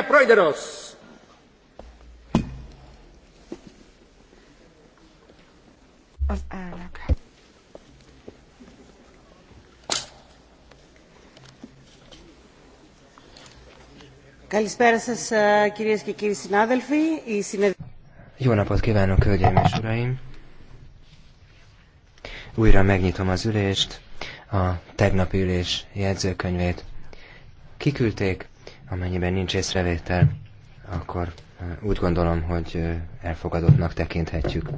Elena Proideros. Az elnök. Jó napot kívánok, hölgyeim és uraim! Újra megnyitom az ülést, a tegnapi ülés jegyzőkönyvét. Kiküldték Amennyiben nincs észrevétel, akkor úgy gondolom, hogy elfogadottnak tekinthetjük.